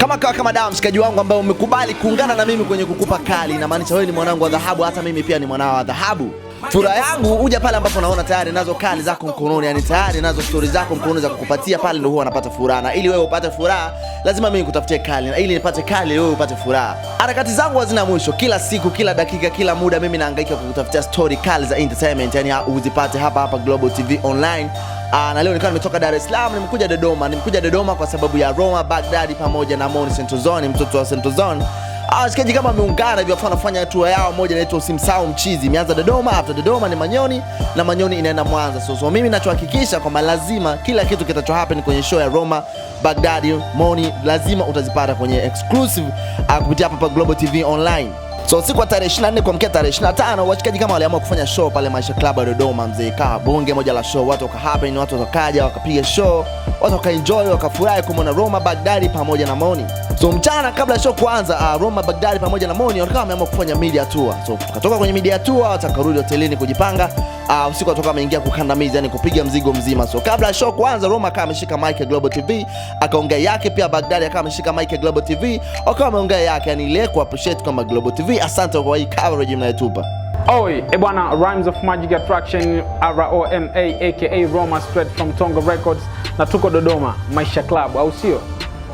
Kama kawa kama dawa, mshikaji wangu ambaye umekubali kuungana na mimi kwenye kukupa kali, inamaanisha wewe ni mwanangu wa dhahabu, hata mimi pia ni mwanao wa dhahabu furaha yangu huja pale ambapo naona tayari nazo kali zako mkononi, yani tayari nazo stori zako mkononi za kukupatia pale, ndio huwa anapata furaha. Na ili wewe upate furaha, lazima mimi nikutafutie kali, na ili nipate kali, wewe upate furaha. Harakati zangu hazina mwisho, kila siku, kila dakika, kila muda, mimi naangaika kukutafutia stori kali za entertainment, yani uzipate hapa hapa Global TV Online. Aa, ah, na leo nikawa nimetoka Dar es Salaam nimekuja Dodoma. Nimekuja Dodoma kwa sababu ya Roma Baghdad pamoja na Moni Sentozoni, mtoto wa Sentozoni. Ah, Wasikaji kama wameungana hivyo, wanafanya hatua yao moja inaitwa usimsahau mchizi. Imeanza Dodoma, after Dodoma ni Manyoni na Manyoni inaenda Mwanza. So, so mimi nachohakikisha kwamba lazima kila kitu kitacho happen kwenye show ya Roma Baghdad Moni lazima utazipata kwenye exclusive ah, kupitia hapa Global TV Online. So siku wa tarehe 24 mkia tarehe 25, washikaji kama waliamua kufanya show pale Maisha Club ya Dodoma, mzee kaa bonge moja la show, watu wakahappen, watu wakaja wakapiga show, watu wakaenjoy, wakafurahi kumwona Roma Bagdadi pamoja na Moni. So mchana kabla show kuanza, uh, Roma Bagdadi pamoja na Moni wakawa wameamua kufanya media tour. So tukatoka kwenye media tour, watakarudi hotelini kujipanga uh, usiku atoka ameingia kukandamiza, yani kupiga mzigo mzima. So kabla ya show kuanza, Roma akawa ameshika mic ya Global TV akaongea yake, pia Baghdad akawa ameshika mic ya Global TV akawa ameongea yake, yani ile ku appreciate kama Global TV, asante kwa hii coverage mnayotupa. Oi, e bwana, Rhymes of Magic Attraction R-O-M-A aka Roma straight from Tongo Records, na tuko Dodoma Maisha Club, au sio?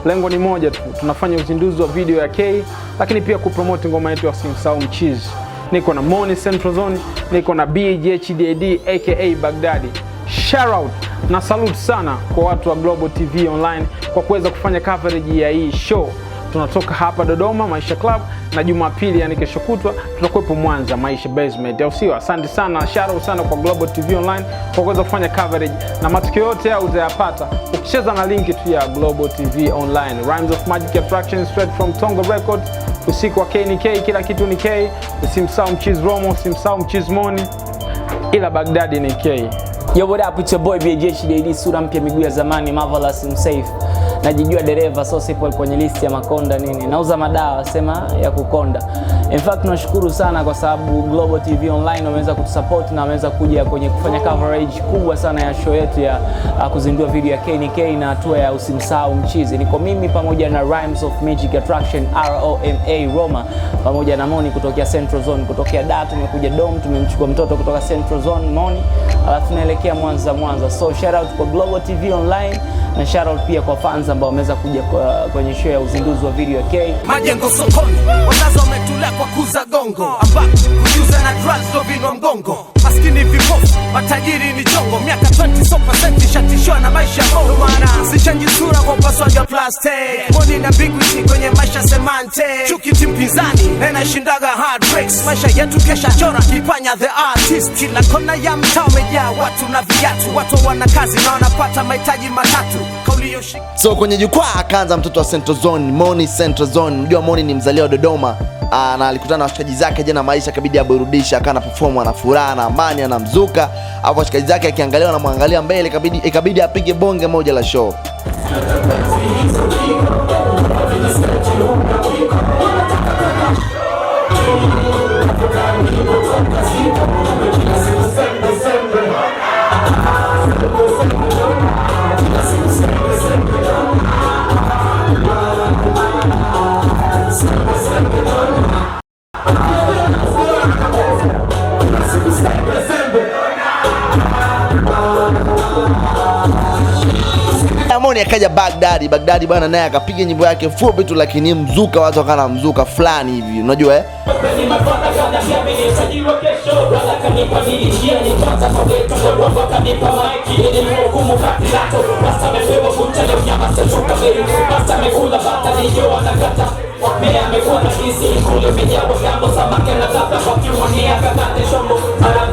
Lengo ni moja tu, tunafanya uzinduzi wa video ya K, lakini pia kupromote ngoma yetu ya Simsau Mchizi niko na Moni Central Zone, niko na BJHDD aka bagdadi Shout out na salute sana kwa watu wa Global TV Online kwa kuweza kufanya coverage ya hii show. Tunatoka hapa Dodoma Maisha Club na Jumapili, yani kesho kutwa, tutakuwepo Mwanza Maisha Basement, au sio? Asante sana, shout out sana kwa Global TV Online kwa kuweza kufanya coverage, na matukio yote hayo utayapata ukicheza na linki tu ya Global TV Online. Rhymes of Magic Attraction straight from Tongo Records usiku wa K ni K, kila kitu ni K. Usimsahau mchizi Romo, usimsahau mchizi Moni, ila Baghdad ni K. Yo, what up, it's your boy BJ Shidi, sura mpya, miguu ya zamani, Marvelous and safe najijua dereva, so sipo kwenye listi ya makonda nini, nauza madawa sema ya kukonda. In fact tunashukuru sana kwa sababu Global TV Online wameweza kutusupport na wameweza kuja kwenye kufanya coverage kubwa sana ya show yetu ya uh, kuzindua video ya KNK na hatua ya usimsahau mchizi. Niko mimi pamoja na Rhymes of Magic Attraction ROMA Roma pamoja na Moni kutokea Central Zone, kutokea Dar tumekuja Dom, tumemchukua mtoto kutoka Central Zone Moni, alafu tunaelekea Mwanza Mwanza. So shout out kwa Global TV Online na shoutout pia kwa fans ambao wameweza kuja kwenye show ya uzinduzi wa video ya K. Majengo sokoni, wazazi wametulea kwa kuza gongo, Hapa, kujuza na drugs ndio vinwa mgongo maskini vipofu, matajiri ni chongo. Miaka 20 so percent shatishiwa na maisha bovu, maana sichanji sura kwa upasuaji wa plastic. Money na bigwiti kwenye maisha semante, chuki timu na inashindaga hard breaks. Maisha yetu kesha chora kipanya the artist, kila kona ya mtaa umejaa watu na viatu, watu wana kazi na wanapata mahitaji matatu kaulioshika. So kwenye jukwaa akaanza mtoto wa Central Zone, Moni Central Zone. Mjua Moni ni mzaliwa Dodoma Ah, na alikutana na washikaji zake jana maisha, kabidi aburudisha, akawa perform na furaha na amani, anamzuka hapo, washikaji zake akiangalia na mwangalia mbele, ikabidi ikabidi apige bonge moja la show Joni akaja Bagdadi. Bagdadi bwana naye akapiga nyimbo yake fupi tu, lakini mzuka, watu wakana mzuka fulani hivi, unajua eh?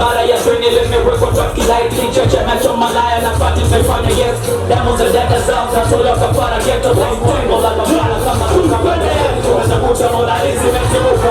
barabara Yesu inili imewekwa trafiki light kichwa macho malaya na pati zimefanya yes damu za dada zao zinatolewa kafara geto haitoi mola mabala kama kukamata yeye tunatafuta moralizi imetimuka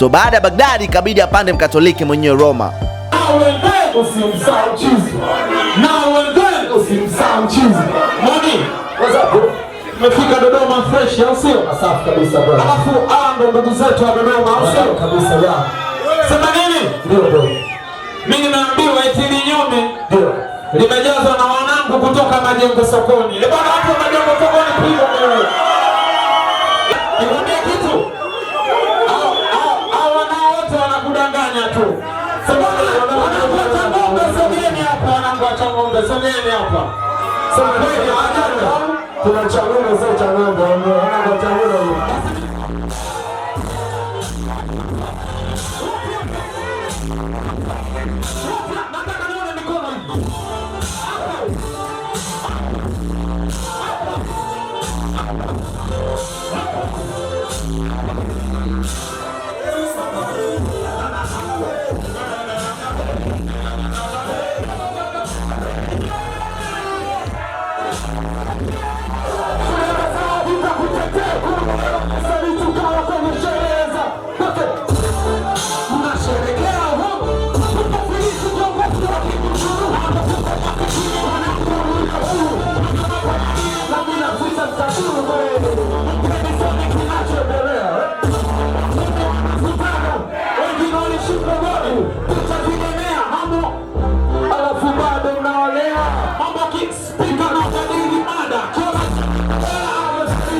So baada ya Baghdad ikabidi apande mkatoliki mwenyewe Roma. Tumefika Dodoma fresh au sio? Safi kabisa Alafu ndugu zetu wa Dodoma au sio? Kabisa ya. Sema nini? Ndio Mimi eti Ndio. Limejazwa na wanangu kutoka Majengo Sokoni. Eh, bwana watu wa Majengo Sokoni piga wewe. kama mtasemeni hapa. Tunachagua sasa cha ng'ombe, tunachagua Nataka nione mikono.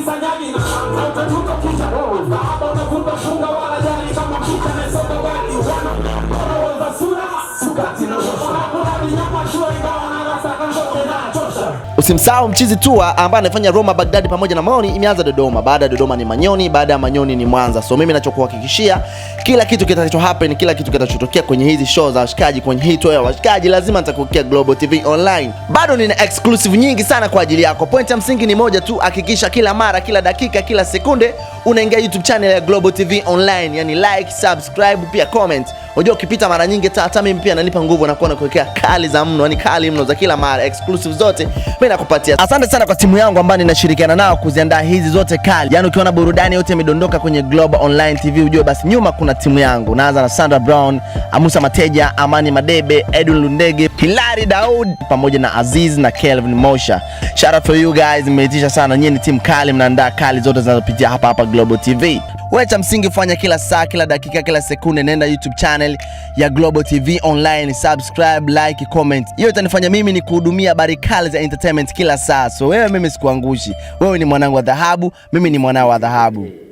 Sanyagi na utatuka kisha, sahaba unavuta funga wala jari kama kita Usimsahau mchizi tua ambaye anafanya Roma Baghdad pamoja na Maoni, imeanza Dodoma, baada ya Dodoma ni Manyoni, baada ya Manyoni ni Mwanza. So mimi nachokuhakikishia kila kitu kitacho happen, kila kitu kitachotokea kwenye hizi show za washikaji, kwenye hii tour ya washikaji, lazima nitakuwekea Global TV Online. Bado nina exclusive nyingi sana kwa ajili yako. Point ya msingi ni moja tu, hakikisha kila mara, kila dakika, kila sekunde unaingia YouTube channel ya Global TV Online, yani like, subscribe, pia comment. Unajua ukipita mara nyingi hata mimi pia nanipa nguvu na kuona kuwekea kali za mno, yani kali mno za kila mara, exclusive zote mimi nakupatia. Asante sana kwa timu yangu ambayo ninashirikiana nao kuziandaa hizi zote kali. Yani ukiona burudani yote imedondoka kwenye Global Online TV, ujue basi nyuma kuna timu yangu. Naanza na Sandra Brown, Amusa Mateja, Amani Madebe, Edwin Lundege, Hilari Daud pamoja na Aziz na Kelvin Mosha. Shout out for you guys, mmeitisha sana nyinyi, ni timu kali, mnaandaa kali zote zinazopitia hapa hapa Global TV. Wewe cha msingi fanya kila saa, kila dakika, kila sekunde, nenda YouTube channel ya Global TV Online, subscribe, like, comment. Hiyo itanifanya mimi ni kuhudumia habari kali za entertainment kila saa. So wewe, mimi sikuangushi. Wewe ni mwanangu wa dhahabu, mimi ni mwanao wa dhahabu.